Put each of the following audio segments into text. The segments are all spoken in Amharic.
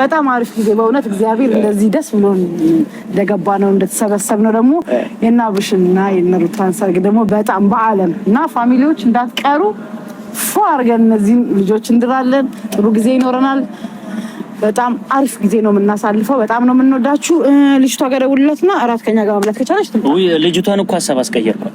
በጣም አሪፍ ጊዜ በእውነት እግዚአብሔር እንደዚህ ደስ ብሎን እንደገባ ነው እንደተሰበሰብ ነው። ደግሞ የእነ አብርሽና የእነ ሰርግ ደግሞ በጣም በአለም እና ፋሚሊዎች እንዳትቀሩ ፎ አድርገን እነዚህን ልጆች እንድራለን። ጥሩ ጊዜ ይኖረናል። በጣም አሪፍ ጊዜ ነው የምናሳልፈው። በጣም ነው የምንወዳችሁ። ልጅቷ ጋር ደውልላትና እራት ከኛ ጋር መብላት ከቻለች ልጅቷን እኮ ሀሳብ አስቀየርኳት።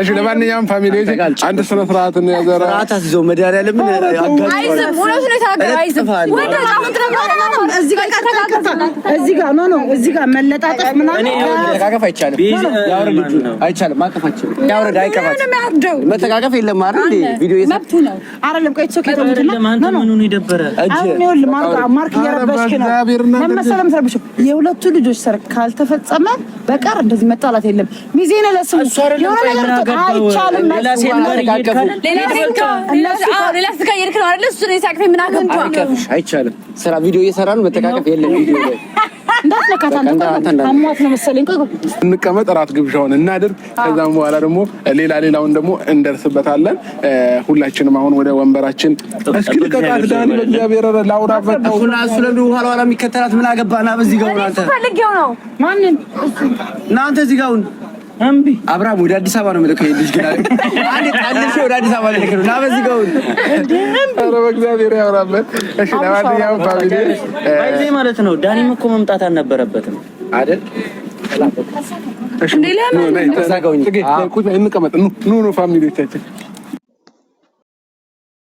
እሺ፣ ለማንኛውም ፋሚሊ አንድ ስነ ስርዓት እንያዘራ ስርዓት አስይዘው መድኃኒዓለምን እዚህ ጋር ነው ነው እዚህ ጋር መለጣጠፍ መተቃቀፍ አይቻልም፣ አይቻልም። ማቀፍ አይቻልም። አይቀፋችም። መተቃቀፍ የለም አይደል? ቪዲዮ መብቱ ነው አይደለም? የሁለቱ ልጆች ሰርግ ካልተፈጸመ በቀር እንደዚህ መጣላት የለም። ነው አይቻልም። ስራ ቪዲዮ እየሰራ ነው። መተቃቀፍ የለም እንዳትነካት ነው መሰለኝ። እንቀመጥ፣ እራት ግብዣውን እናድርግ። ከዛም በኋላ ደግሞ ሌላ ሌላውን ደግሞ እንደርስበታለን። ሁላችንም አሁን ወደ ወንበራችን። እስኪ ልቀቃት ዳኒ፣ በእግዚአብሔር ላውራ። የሚከተላት ምን አገባና በዚህ ጋር እናንተ እዚህ እምቢ አብርሃም ወደ አዲስ አበባ ነው የምልከው። ይሄ ግን አንድ ጣልሽ ወደ አዲስ አበባ ልክ ነው። ና በዚህ ጋር ኧረ በእግዚአብሔር እሺ ለማንኛውም ፋሚሊ ባይዜ ማለት ነው። ዳኒም እኮ መምጣት አልነበረበትም አይደል? እንዴ ለምን ተዛጋውኝ? እንቀመጥ ኑ ኑ ፋሚሊዎቻችን